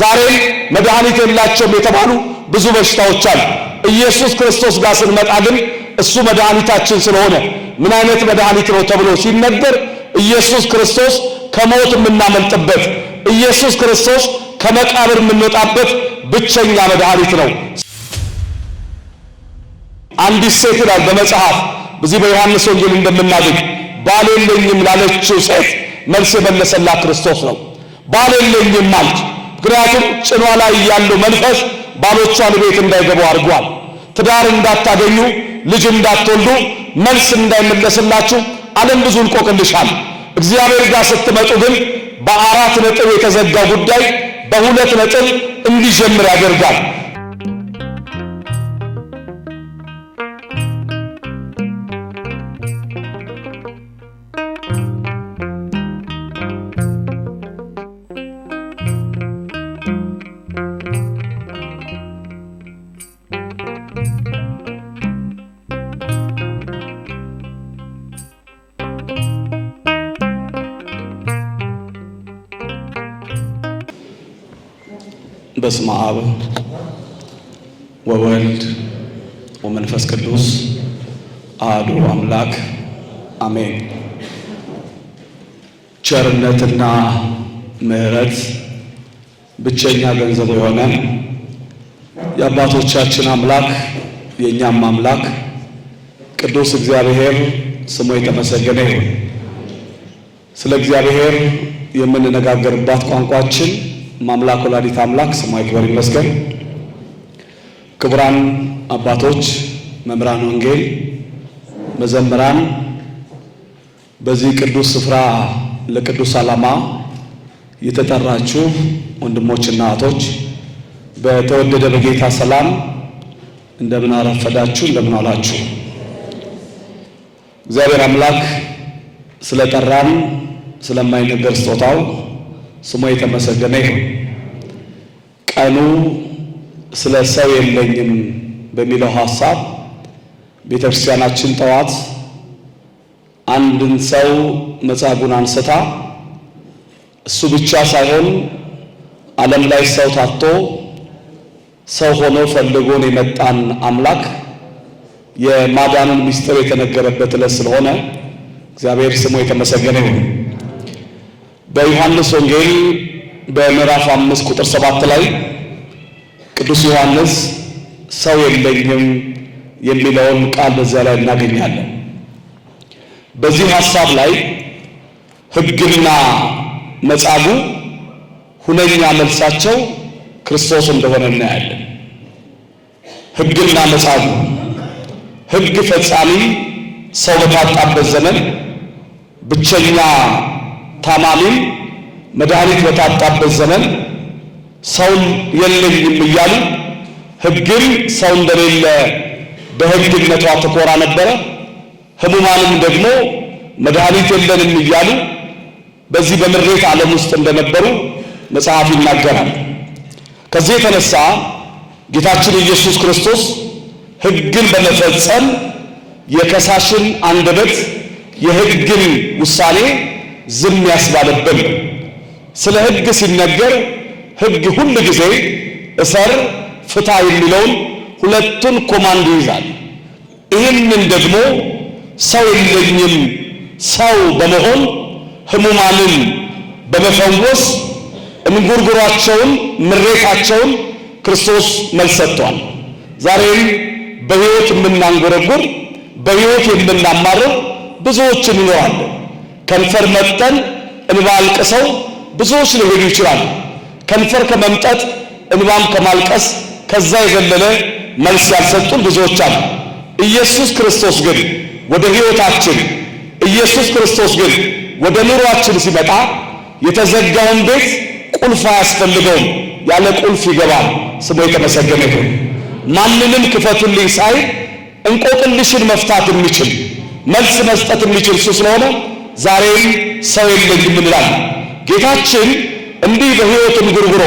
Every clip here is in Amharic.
ዛሬ መድኃኒት የላቸውም የተባሉ ብዙ በሽታዎች አሉ። ኢየሱስ ክርስቶስ ጋር ስንመጣ ግን እሱ መድኃኒታችን ስለሆነ ምን አይነት መድኃኒት ነው ተብሎ ሲነገር ኢየሱስ ክርስቶስ ከሞት የምናመልጥበት፣ ኢየሱስ ክርስቶስ ከመቃብር የምንወጣበት ብቸኛ መድኃኒት ነው። አንዲት ሴት ይላል በመጽሐፍ እዚህ በዮሐንስ ወንጌል እንደምናገኝ ባል የለኝም ላለችው ሴት መልስ የመለሰላት ክርስቶስ ነው። ባል የለኝም አለች። ምክንያቱም ጭኗ ላይ ያለው መንፈስ ባሎቿን ቤት እንዳይገቡ አድርጓል። ትዳር እንዳታገኙ፣ ልጅ እንዳትወልዱ፣ መልስ እንዳይመለስላችሁ ዓለም ብዙ እንቆቅልሻል። እግዚአብሔር ጋር ስትመጡ ግን በአራት ነጥብ የተዘጋው ጉዳይ በሁለት ነጥብ እንዲጀምር ያደርጋል። በስመ አብ ወወልድ ወመንፈስ ቅዱስ አሐዱ አምላክ አሜን። ቸርነትና ምሕረት ብቸኛ ገንዘቡ የሆነ የአባቶቻችን አምላክ የእኛም አምላክ ቅዱስ እግዚአብሔር ስሙ የተመሰገነ ይሁን። ስለ እግዚአብሔር የምንነጋገርባት ቋንቋችን ማምላክ ወላዲት አምላክ ስሟ ይክበር ይመስገን። ክቡራን አባቶች፣ መምህራን ወንጌል፣ መዘምራን በዚህ ቅዱስ ስፍራ ለቅዱስ ዓላማ የተጠራችሁ ወንድሞችና እህቶች በተወደደ በጌታ ሰላም እንደምን አረፈዳችሁ፣ እንደምን አላችሁ። እግዚአብሔር አምላክ ስለጠራን ስለማይነገር ስጦታው ስሙ የተመሰገነ ይሁን። ቀኑ ስለ ሰው የለኝም በሚለው ሀሳብ ቤተክርስቲያናችን ጠዋት አንድን ሰው መጻጉዕን አንስታ እሱ ብቻ ሳይሆን ዓለም ላይ ሰው ታቶ ሰው ሆኖ ፈልጎን የመጣን አምላክ የማዳኑን ምስጢር የተነገረበት ዕለት ስለሆነ እግዚአብሔር ስሙ የተመሰገነ ይሁን። በዮሐንስ ወንጌል በምዕራፍ አምስት ቁጥር ሰባት ላይ ቅዱስ ዮሐንስ ሰው የለኝም የሚለውን ቃል በዚያ ላይ እናገኛለን። በዚህ ሐሳብ ላይ ሕግና መጻጉ ሁነኛ መልሳቸው ክርስቶስ እንደሆነ እናያለን። ሕግና መጻጉ ሕግ ፈጻሚ ሰው በታጣበት ዘመን ብቸኛ ታማሚም መድኃኒት በታጣበት ዘመን ሰውን የለኝም እያሉ ሕግም ሰው እንደሌለ በሕግነቷ ተኮራ ነበረ። ህሙማንም ደግሞ መድኃኒት የለንም እያሉ በዚህ በምሬት ዓለም ውስጥ እንደነበሩ መጽሐፍ ይናገራል። ከዚህ የተነሳ ጌታችን ኢየሱስ ክርስቶስ ሕግን በመፈጸም የከሳሽን አንደበት የሕግን ውሳኔ ዝም ያስባለብን። ስለ ህግ ሲነገር ህግ ሁል ጊዜ እሰር፣ ፍታ የሚለውን ሁለቱን ኮማንድ ይዛል። ይህንን ደግሞ ሰው የለኝም ሰው በመሆን ህሙማንን በመፈወስ እንጉርጉሯቸውን ምሬታቸውን ክርስቶስ መልስ ሰጥቷል። ዛሬም በህይወት የምናንጎረጉር በህይወት የምናማርር ብዙዎችን ይኖራለን። ከንፈር መምጠን እንባ አልቅሰው ብዙዎች ሊሄዱ ይችላሉ። ከንፈር ከመምጠጥ እንባም ከማልቀስ ከዛ የዘለለ መልስ ያልሰጡን ብዙዎች አሉ። ኢየሱስ ክርስቶስ ግን ወደ ሕይወታችን ኢየሱስ ክርስቶስ ግን ወደ ኑሯችን ሲመጣ የተዘጋውን ቤት ቁልፍ አያስፈልገውም። ያለ ቁልፍ ይገባል። ስሙ የተመሰገነ ይሁን። ማንንም ክፈቱልኝ ሳይ እንቆቅልሽን መፍታት የሚችል መልስ መስጠት የሚችል እሱ ስለሆነ ዛሬም ሰው የለኝም እንላለን። ጌታችን እንዲህ በሕይወት እንጉርጉሮ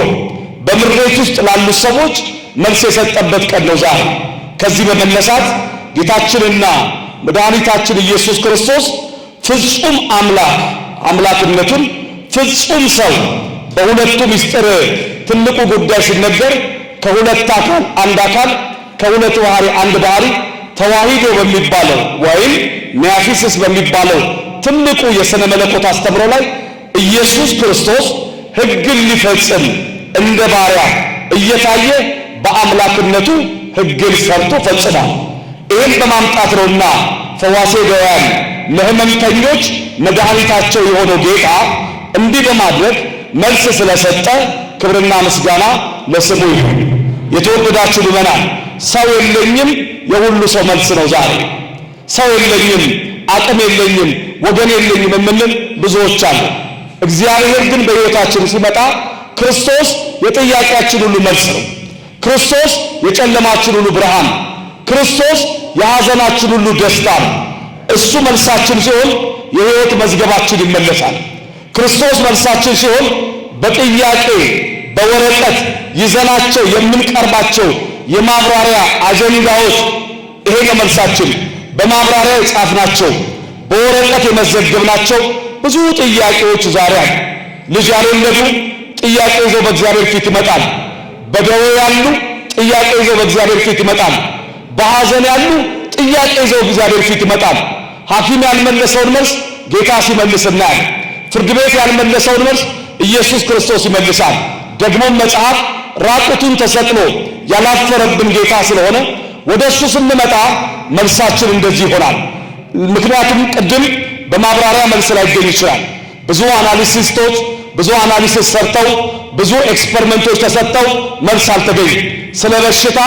በምድሬት ውስጥ ላሉት ሰዎች መልስ የሰጠበት ቀን ነው ዛሬ። ከዚህ በመነሳት ጌታችንና መድኃኒታችን ኢየሱስ ክርስቶስ ፍጹም አምላክ አምላክነቱን ፍጹም ሰው በሁለቱ ምስጢር ትልቁ ጉዳይ ሲነገር ከሁለት አካል አንድ አካል ከሁለት ባህሪ አንድ ባህሪ ተዋሂዶ በሚባለው ወይም ሚያፊስስ በሚባለው ትልቁ የሥነ መለኮት አስተምሮ ላይ ኢየሱስ ክርስቶስ ሕግን ሊፈጽም እንደ ባሪያ እየታየ በአምላክነቱ ሕግን ሰርቶ ፈጽሟል። ይህም በማምጣት ነውና ፈዋሴ ገያን ለሕመምተኞች መድኃኒታቸው የሆነው ጌታ እንዲህ በማድረግ መልስ ስለሰጠ ክብርና ምስጋና ለስሙ ይሁን። የተወደዳችሁ ልመናል ሰው የለኝም የሁሉ ሰው መልስ ነው። ዛሬ ሰው የለኝም አቅም የለኝም ወገን የለኝ የምንል ብዙዎች አሉ። እግዚአብሔር ግን በሕይወታችን ሲመጣ ክርስቶስ የጥያቄያችን ሁሉ መልስ ነው። ክርስቶስ የጨለማችን ሁሉ ብርሃን፣ ክርስቶስ የሐዘናችን ሁሉ ደስታ ነው። እሱ መልሳችን ሲሆን የሕይወት መዝገባችን ይመለሳል። ክርስቶስ መልሳችን ሲሆን በጥያቄ በወረቀት ይዘናቸው የምንቀርባቸው የማብራሪያ አጀንዳዎች ይሄ ነው መልሳችን። በማብራሪያ የጻፍናቸው በወረቀት የመዘገብናቸው ብዙ ጥያቄዎች ዛሬ አሉ። ልጅ ያልወለዱ ጥያቄ ይዘው በእግዚአብሔር ፊት ይመጣል። በደዌ ያሉ ጥያቄ ይዘው በእግዚአብሔር ፊት ይመጣል። በሐዘን ያሉ ጥያቄ ይዘው እግዚአብሔር ፊት ይመጣል። ሐኪም ያልመለሰውን መልስ ጌታ ሲመልስ እናያል። ፍርድ ቤት ያልመለሰውን መልስ ኢየሱስ ክርስቶስ ይመልሳል። ደግሞም መጽሐፍ ራቁቱን ተሰቅሎ ያላፈረብን ጌታ ስለሆነ ወደ እሱ ስንመጣ መልሳችን እንደዚህ ይሆናል። ምክንያቱም ቅድም በማብራሪያ መልስ ላይ ላይገኝ ይችላል። ብዙ አናሊሲስቶች ብዙ አናሊሲስ ሰርተው ብዙ ኤክስፐሪመንቶች ተሰጥተው መልስ አልተገኙ። ስለ በሽታ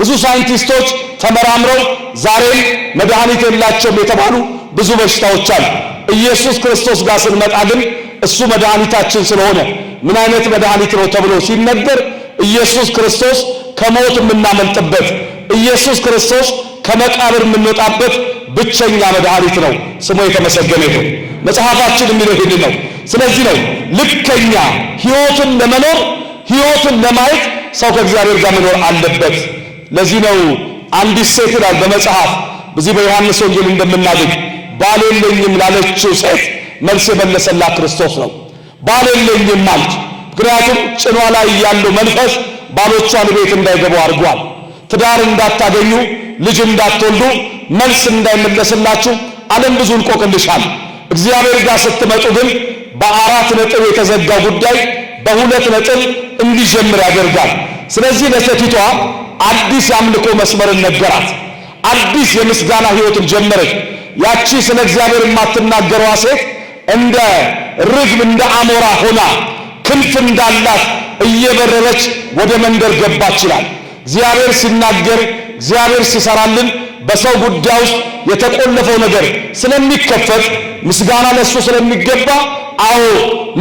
ብዙ ሳይንቲስቶች ተመራምረው ዛሬም መድኃኒት የላቸውም የተባሉ ብዙ በሽታዎች አሉ። ኢየሱስ ክርስቶስ ጋር ስንመጣ ግን እሱ መድኃኒታችን ስለሆነ ምን አይነት መድኃኒት ነው ተብሎ ሲነገር ኢየሱስ ክርስቶስ ከሞት የምናመልጥበት፣ ኢየሱስ ክርስቶስ ከመቃብር የምንወጣበት፣ ብቸኛ መድኃኒት ነው። ስሙ የተመሰገነ ይሁን። መጽሐፋችን የሚለው ይህን ነው። ስለዚህ ነው ልከኛ ሕይወትን ለመኖር ሕይወትን ለማየት ሰው ከእግዚአብሔር ጋር መኖር አለበት። ለዚህ ነው አንዲት ሴት ይላል በመጽሐፍ በዚህ በዮሐንስ ወንጌል እንደምናገኝ ባል የለኝም ላለችው ሴት መልስ የመለሰላት ክርስቶስ ነው። ባል የለኝም አለች። ምክንያቱም ጭኗ ላይ ያለው መንፈስ ባሎቿን ቤት እንዳይገቡ አድርጓል። ትዳር እንዳታገኙ ልጅ እንዳትወልዱ መልስ እንዳይመለስላችሁ ዓለም ብዙ እንቆቅልሻል። እግዚአብሔር ጋር ስትመጡ ግን በአራት ነጥብ የተዘጋ ጉዳይ በሁለት ነጥብ እንዲጀምር ያደርጋል። ስለዚህ ለሴቲቷ አዲስ የአምልኮ መስመርን ነገራት። አዲስ የምስጋና ሕይወትን ጀመረች። ያቺ ስለ እግዚአብሔር የማትናገረዋ ሴት እንደ ርግብ እንደ አሞራ ሆና ክንፍ እንዳላት እየበረረች ወደ መንደር ገባች ይላል። እግዚአብሔር ሲናገር፣ እግዚአብሔር ሲሰራልን በሰው ጉዳይ ውስጥ የተቆለፈው ነገር ስለሚከፈት ምስጋና ለእሱ ስለሚገባ፣ አዎ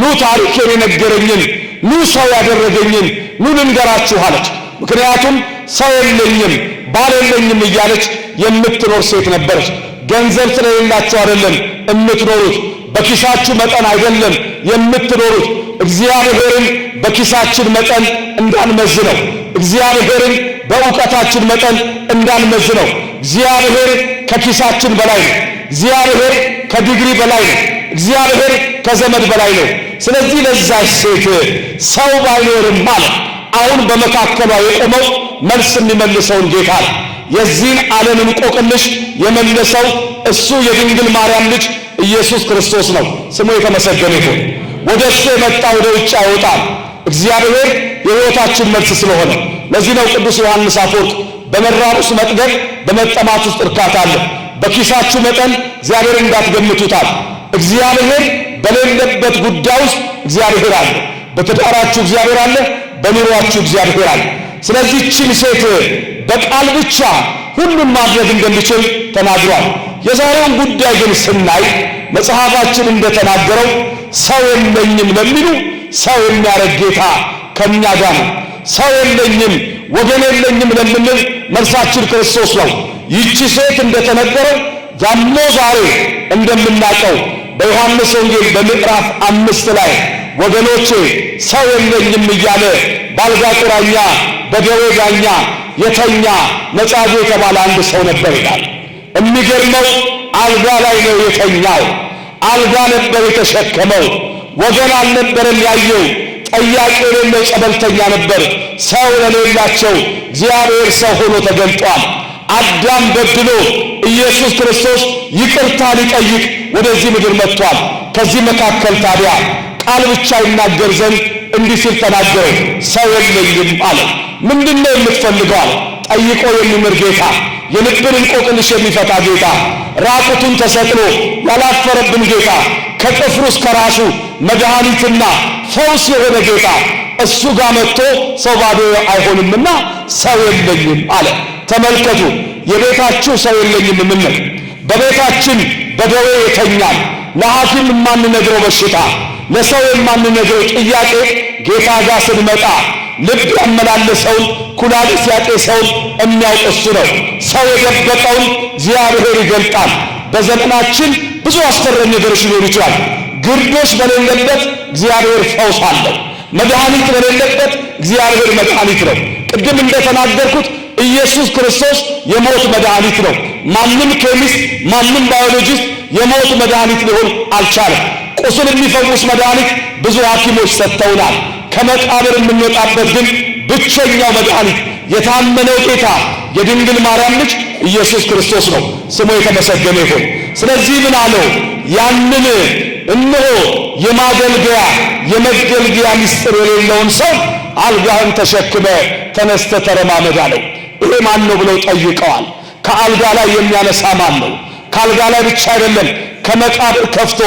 ኑ ታሪኬን የነገረኝን ኑ ሰው ያደረገኝን ኑ ልንገራችሁ አለች። ምክንያቱም ሰው የለኝም ባል የለኝም እያለች የምትኖር ሴት ነበረች። ገንዘብ ስለሌላችሁ አይደለም የምትኖሩት፣ በኪሳችሁ መጠን አይደለም የምትኖሩት። እግዚአብሔርን በኪሳችን መጠን እንዳንመዝነው፣ እግዚአብሔርን በእውቀታችን መጠን እንዳንመዝነው እግዚአብሔር ከኪሳችን በላይ ነው። እግዚአብሔር ከዲግሪ በላይ ነው። እግዚአብሔር ከዘመድ በላይ ነው። ስለዚህ ለዛች ሴት ሰው ባይኖርም አለ አሁን በመካከሏ የቆመው መልስ የሚመልሰውን ጌታ ነው። የዚህን ዓለም እንቆቅልሽ የመለሰው እሱ የድንግል ማርያም ልጅ ኢየሱስ ክርስቶስ ነው። ስሙ የተመሰገነ ይሁን። ወደ እሱ የመጣ ወደ ውጭ አይወጣም። እግዚአብሔር የሕይወታችን መልስ ስለሆነ ለዚህ ነው ቅዱስ ዮሐንስ አፈወርቅ በመራቡስ መጥገብ፣ በመጠማት ውስጥ እርካታ አለ። በኪሳችሁ መጠን እግዚአብሔር እንዳትገምቱታል። እግዚአብሔር በሌለበት ጉዳይ ውስጥ እግዚአብሔር አለ። በትዳራችሁ እግዚአብሔር አለ። በኑሯችሁ እግዚአብሔር አለ። ስለዚህ ይህችን ሴት በቃል ብቻ ሁሉን ማድረግ እንደሚችል ተናግሯል። የዛሬውን ጉዳይ ግን ስናይ መጽሐፋችን እንደተናገረው ሰው የለኝም ለሚሉ ሰው የሚያረግ ጌታ ከእኛ ጋር ነው። ሰው የለኝም ወገን የለኝም ለምንል መልሳችን ክርስቶስ ነው። ይቺ ሴት እንደተነገረ ጃሞ ዛሬ እንደምናውቀው በዮሐንስ ወንጌል በምዕራፍ አምስት ላይ ወገኖቼ ሰው የለኝም እያለ ባልጋ ቁራኛ በደዌ ዳኛ የተኛ መጻጉዕ የተባለ አንድ ሰው ነበር ይላል። የሚገርመው አልጋ ላይ ነው የተኛው። አልጋ ነበር የተሸከመው። ወገን አልነበረም ያየው ጠያቂ የሌለው ጸበልተኛ ነበር። ሰው ለሌላቸው እግዚአብሔር ሰው ሆኖ ተገልጧል። አዳም በድሎ ኢየሱስ ክርስቶስ ይቅርታ ሊጠይቅ ወደዚህ ምድር መጥቷል። ከዚህ መካከል ታዲያ ቃል ብቻ ይናገር ዘንድ እንዲህ ሲል ተናገረ፣ ሰው የለኝም አለ። ምንድን ነው ጠይቆ የሚምር ጌታ፣ የልብን እንቆቅልሽ የሚፈታ ጌታ፣ ራቁቱን ተሰቅሎ ያላፈረብን ጌታ፣ ከጥፍሩ እስከ ራሱ መድኃኒትና ፈውስ የሆነ ጌታ እሱ ጋር መጥቶ ሰው ባዶ አይሆንምና ሰው የለኝም አለ። ተመልከቱ፣ የቤታችሁ ሰው የለኝም ምን ነው? በቤታችን በደዌ የተኛል፣ ለሐኪም የማንነግረው በሽታ፣ ለሰው የማንነግረው ጥያቄ ጌታ ጋር ስንመጣ ልብ ያመላለሰውን ኩላሊት ያጤሰውን የሚያውቅ እሱ ነው። ሰው የደበቀውን እግዚአብሔር ይገልጣል። በዘመናችን ብዙ አስፈሪ ነገሮች ሊሆኑ ይችላል። ግርዶሽ በሌለበት እግዚአብሔር ፈውስ አለው። መድኃኒት በሌለበት እግዚአብሔር መድኃኒት ነው። ቅድም እንደተናገርኩት ኢየሱስ ክርስቶስ የሞት መድኃኒት ነው። ማንም ኬሚስት፣ ማንም ባዮሎጂስት የሞት መድኃኒት ሊሆን አልቻለም። ቁስል የሚፈውስ መድኃኒት ብዙ ሐኪሞች ሰጥተውናል። ከመቃብር የምንወጣበት ግን ብቸኛው መድኃኒት የታመነው ጌታ የድንግል ማርያም ልጅ ኢየሱስ ክርስቶስ ነው። ስሙ የተመሰገነ ይሁን። ስለዚህ ምን አለው ያንን እነሆ የማገልገያ የመገልገያ ምስጢር የሌለውን ሰው አልጋህን ተሸክመ ተነስተ ተረማመድ አለው። ይሄ ማን ነው ብለው ጠይቀዋል። ከአልጋ ላይ የሚያነሳ ማን ነው? ከአልጋ ላይ ብቻ አይደለም፣ ከመቃብር ከፍቶ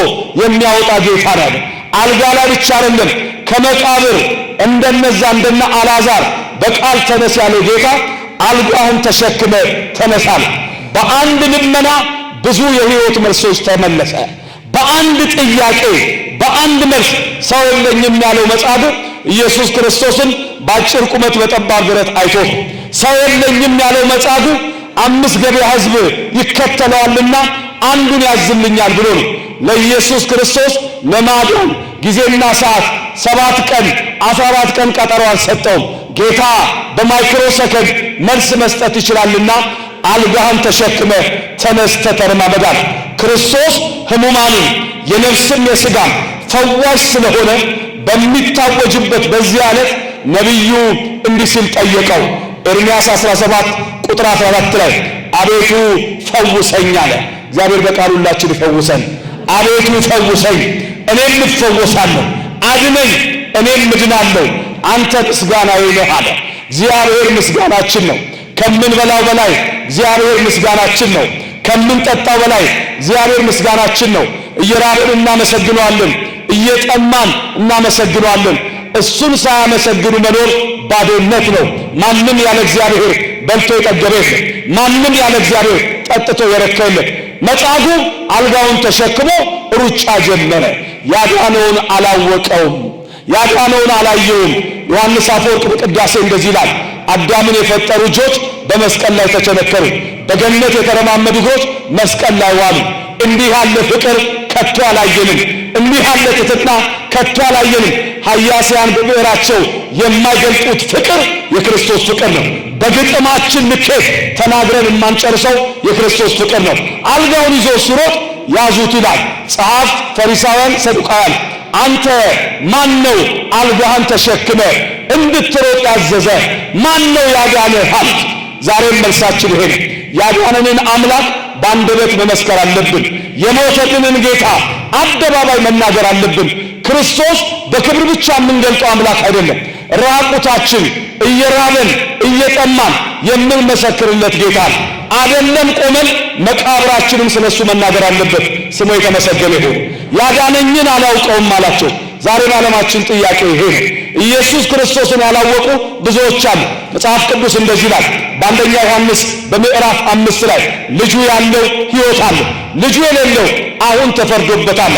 የሚያወጣ ጌታ ነው። አልጋ ላይ ብቻ አይደለም፣ ከመቃብር እንደነዛ እንደነ አላዛር በቃል ተነስ ያለው ጌታ አልጋህን ተሸክመ ተነሳል። በአንድ ልመና ብዙ የህይወት መልሶች ተመለሰ። በአንድ ጥያቄ በአንድ መልስ ሰው የለኝም ያለው መጻድቅ ኢየሱስ ክርስቶስን በአጭር ቁመት በጠባብ ብረት አይቶት፣ ሰው የለኝም ያለው መጻድቅ አምስት ገበያ ሕዝብ ይከተለዋልና አንዱን ያዝልኛል ብሎ ነው። ለኢየሱስ ክርስቶስ ለማዳን ጊዜና ሰዓት ሰባት ቀን አስራ አራት ቀን ቀጠሮ አልሰጠውም። ጌታ በማይክሮ ሰከንድ መልስ መስጠት ይችላልና አልጋህን ተሸክመ ተነስተ ተርማ በዳል ክርስቶስ ሕሙማንን የነፍስም የሥጋም ፈዋሽ ስለሆነ በሚታወጅበት በዚህ ዕለት ነቢዩ እንዲህ ሲል ጠየቀው። ኤርምያስ 17 ቁጥር 14 ላይ አቤቱ ፈውሰኝ አለ። እግዚአብሔር በቃሉላችን ይፈውሰን። አቤቱ ፈውሰኝ፣ እኔም እፈወሳለሁ፣ አድነኝ፣ እኔም ምድናለሁ፣ አንተ ምስጋናዬ ነህ አለ። እግዚአብሔር ምስጋናችን ነው። ከምን በላው በላይ እግዚአብሔር ምስጋናችን ነው። ከምንጠጣው በላይ እግዚአብሔር ምስጋናችን ነው። እየራብን እናመሰግነዋለን፣ እየጠማን እናመሰግነዋለን። እሱን ሳያመሰግኑ መኖር ባዶነት ነው። ማንም ያለ እግዚአብሔር በልቶ የጠገበ የለም። ማንም ያለ እግዚአብሔር ጠጥቶ የረካ የለም። አልጋውን ተሸክሞ ሩጫ ጀመረ። ያዳነውን አላወቀውም፣ ያዳነውን አላየውም። ዮሐንስ አፈወርቅ በቅዳሴ እንደዚህ ይላል፣ አዳምን የፈጠሩ እጆች በመስቀል ላይ ተቸነከሩ። በገነት የተረማመዱ ሰዎች መስቀል ላይ ዋሉ። እንዲህ ያለ ፍቅር ከቶ አላየንም። እንዲህ ያለ ቅጥና ከቶ አላየንም። ሐያሲያን በብዕራቸው የማይገልጡት ፍቅር የክርስቶስ ፍቅር ነው። በግጥማችን ልኬት ተናግረን የማንጨርሰው የክርስቶስ ፍቅር ነው። አልጋውን ይዞ ሲሮጥ ያዙት ይላል ጸሐፍት፣ ፈሪሳውያን፣ ሰዱቃውያን አንተ ማን ነው አልጋህን ተሸክመ እንድትሮጥ ያዘዘ? ማን ነው ያዳነህ? ሀብት ዛሬም መልሳችን ይሄ ነው። ያዳነንን አምላክ በአንደበት መመስከር አለብን። የሞተልንን ጌታ አደባባይ መናገር አለብን። ክርስቶስ በክብር ብቻ የምንገልጠው አምላክ አይደለም። ራቁታችን እየራበን እየጠማን የምንመሰክርለት ጌታ አደለም። ቆመን መቃብራችንም ስለሱ መናገር አለበት። ስሙ የተመሰገነ ይሁን። ያዳነኝን አላውቀውም አላቸው። ዛሬ በዓለማችን ጥያቄ ይሄ ነው። ኢየሱስ ክርስቶስን ያላወቁ ብዙዎች አሉ። መጽሐፍ ቅዱስ እንደዚህ ይላል በአንደኛ ዮሐንስ በምዕራፍ አምስት ላይ ልጁ ያለው ሕይወት አለው፣ ልጁ የሌለው አሁን ተፈርዶበታል።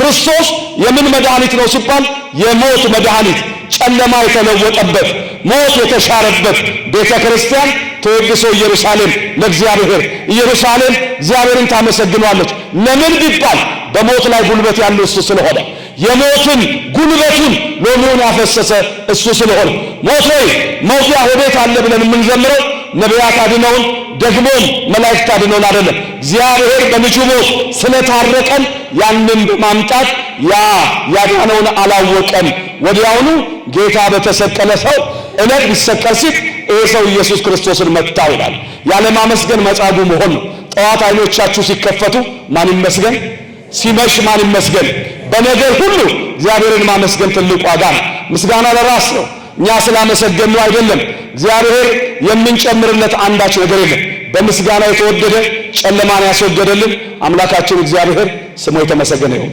ክርስቶስ የምን መድኃኒት ነው ሲባል የሞት መድኃኒት፣ ጨለማ የተለወጠበት ሞት የተሻረበት ቤተ ክርስቲያን ተወግሶ ኢየሩሳሌም ለእግዚአብሔር ኢየሩሳሌም እግዚአብሔርን ታመሰግኗለች። ለምን ቢባል በሞት ላይ ጉልበት ያለው እሱ ስለሆነ የሞትን ጉልበቱን ሎሚውን ያፈሰሰ እሱ ስለሆነ ሞት ሆይ መውጊያ ወዴት አለ ብለን የምንዘምረው ነቢያት አድነውን ደግሞም መላእክት አድነውን አይደለም። እግዚአብሔር በልጁ ሞት ስለታረቀን ያንን በማምጣት ያ ያዳነውን አላወቀም። ወዲያውኑ ጌታ በተሰቀለ ሰው እለት ሊሰቀል ሲል ይህ ሰው ኢየሱስ ክርስቶስን መታው ይላል። ያለማመስገን መጻጉ መሆን ነው። ጠዋት አይኖቻችሁ ሲከፈቱ ማን ይመስገን? ሲመሽ ማን ይመስገን? በነገር ሁሉ እግዚአብሔርን ማመስገን ትልቅ ዋጋ ነው። ምስጋና ለራስ ነው። እኛ ስላመሰገኑ አይደለም። እግዚአብሔር የምንጨምርለት አንዳች ነገር የለም። በምስጋና የተወደደ ጨለማን ያስወገደልን አምላካችን እግዚአብሔር ስሙ የተመሰገነ ይሁን።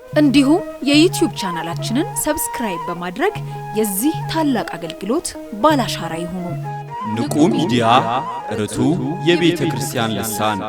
እንዲሁም የዩትዩብ ቻናላችንን ሰብስክራይብ በማድረግ የዚህ ታላቅ አገልግሎት ባላሻራ ይሁኑ። ንቁ ሚዲያ ርቱ የቤተ ክርስቲያን ልሳን